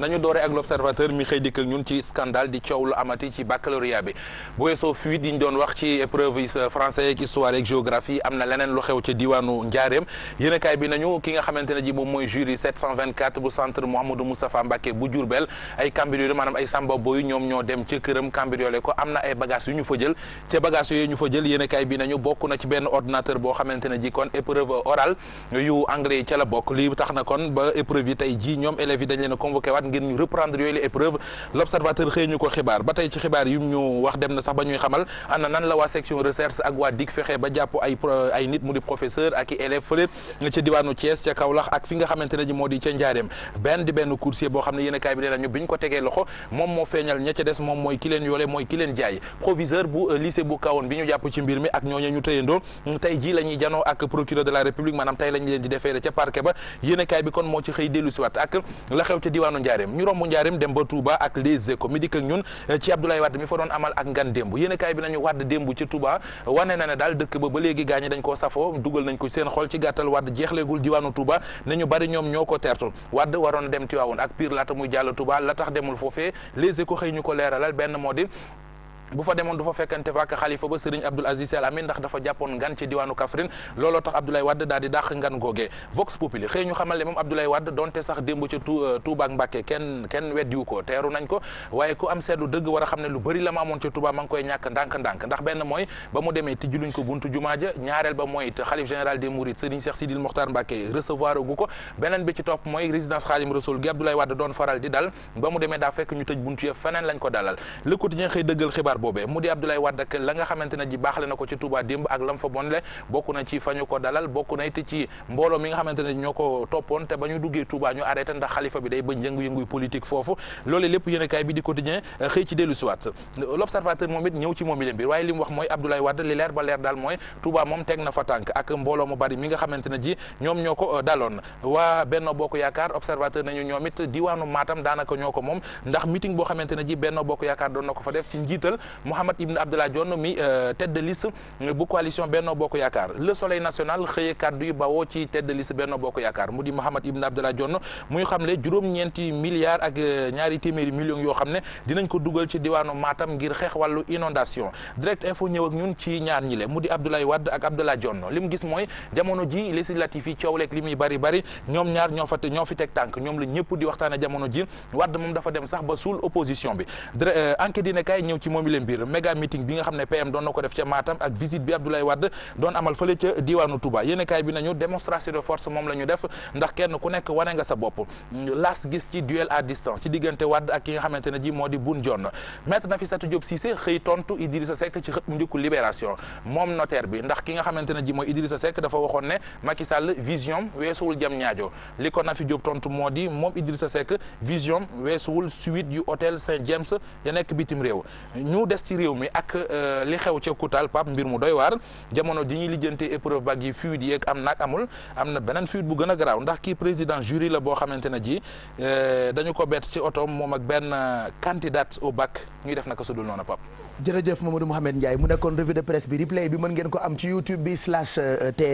nañu doore ak l'observateur mi xëy dikk ak ñun ci scandale di coow lu amati ci baccalauréat bi bu weesoo fuite yi doon wax ci épreuve yi français ak histoire ak géographie am na leneen lu xew ca diwaanu Njaareem yéenekaay bi nañu ki nga xamante ne ji moom mooy jury 724 bu centre Mouhamadou Moustapha Mbacké bu Diourbel ay cambriolé maanaam ay samba boy ñoom ñoo dem ca këram cambriolé ko am na ay bagages yu ñu fa jël ca bagages yooyu ñu fa jël yéenekaay bi nañu bokk na ci benn ordinateur boo xamante ne ji kon épreuve orale yu anglais ca la bokk lii tax na kon ba épreuve yi tey ji ñoom élèves waxtaan ngir ñu reprendre yooyu la épreuve l' observateur ñu ko xibaar ba tey ci xibaar yum ñu wax dem na sax ba ñuy xamal ana nan la waa section recherche ak waa DIC fexe ba jàpp ay nit mu di professeur ak i élève fële fi nga xamante ne ji moo di ca Njaareem benn di benn coursier boo xam ne yéen bi nee nañu bi ñu ko tegee loxo moom moo feeñal ña des moom mooy ki leen yoole mooy ki leen jaay proviseur bu euh, lycée bu kawoon bi ñu jàpp ci mbir mi ak ñooñu Njaareem ñu romb Njaareem dem ba Touba ak les Échos mi dikk ak ñun eh, ci Abdoulaye Wade mi fa doon amal ak ngan démb yéen kaay bi nañu Wade démb ci tuba wane na ne daal dëkk ba ba léegi gaañe dañ koo safoo dugal nañ ko seen xol ci gàttal Wade jeexleegul diwaanu Touba ne ñu bari ñoom ñoo ko teertu Wade waroon dem Tiwaawoon ak Pire laata muy jàll Touba la tax demul foofee les ko xëy ñu ko leeralal benn moo bu fa demoon du fa fekkante fa ak xalifa ba Serigne Abdoul Aziz Al Amin ndax dafa jàppoon ngan ci diwaanu Kaffrine looloo daal di dàq ngan googee Vox Populi xëy xamal ne moom Abdoulaye Wade donte sax démb ca euh, Touba ak ken kenn kenn weddiwu ko teeru nañ ko waaye ku am seetlu dëgg war a xam ne lu bari la ma amoon ca Touba ma koy ñàkk ndànk-ndànk ndax benn mooy ba mu demee tijji luñ ko buntu jumaa ja ñaareel ba mooy xalif général des Mourides Serigne Cheikh Sidil Mokhtar Mbacké recevoir gu ko beneen bi ci topp mooy résidence Khadim Rassoul gi Abdoulaye Wade doon faral di dal ba mu demee daa fekk ñu tëj buntu ya feneen lañ ko boobee mu di Abdoulaye Wade ak la nga xamante ne ji baaxle na ko ci Touba démb ak lam fa bonle bokk na ci fañu ko dalal bokk na te ci dellu mi nga xamante ji ñoom ñoo ko euh, daloon waa Benno Bokk Yaakaar observateur nañu ñoom it diwaanu Matam daanaka ñoo ko moom ndax meeting boo xamante ji Benno Bokk Yaakaar doon na ko fa def ci njiital Mouhamed Ibn Abdallah Dionne mi euh, tête de liste euh, bu coalition Benno Bokk Yaakaar le soleil national xëye kàddu yi bawoo ci tête de liste Benno Bokk Yaakaar mu di Mouhamed Ibn Abdallah Dionne muy xamle juróom-ñeenti milliards ak euh, ñaari téeméeri millions yoo xam ne dinañ ko dugal ci diwaanu Matam ngir xeex wàllu inondation direct info ñëw ak ñun ci ñaar ñi le mu di Abdoulaye Wade ak Abdallah Dionne li mu gis mooy jamono ji législatif yi coow leeg li muy bari bari ñoom ñaar ñoo fa ñoo fi teg tànk ñoom la ñëpp di waxtaane jamono ji Wade moom dafa dem sax ba suul opposition bi enquête dina kay ñëw ci moom bile mbir méga meeting bi nga xam ne PM doon na ko def ca Matam ak visite bi Abdoulaye Wade doon amal fële ca diwaanu Touba yéen kaay bi nañu démonstration de force moom la ñu def ndax kenn ku nekk wane nga sa bopp las gis ci duel à distance ci diggante Wade ak ki nga xamante ne ji moo di Boun Dionne maître Nafissatou Diop Cissé xëy tontu Idrissa Seck ci xët mu njëkku libération moom notaire bi ndax ki nga xamante ne ji mooy Idrissa Seck dafa waxoon ne Macky Sall vision weesuwul jam ñaajo li ko Nafi Diop tontu moo di moom Idrissa Seck vision weesuwul suite yu hôtel Saint James ya nekk bitim réew ñu nu des ci réew mi ak euh, li xew ca Koutal Pape mbir mu doy waar jamono ji ñuy lijjante épreuve bac yi fuite yeeg am naag amul am na beneen fuite bu gën garaaw ndax kii président jury la boo xamante ne ji euh, dañu ko bett ci otoom moom ak benn euh, candidate au ñuy def naka sudul noonu Pape. jërëjëf Mamadou Mouhamed Ndiaye mu nekkoon revue de presse bi replay bi mën ngeen ko am ci YouTube bi slash t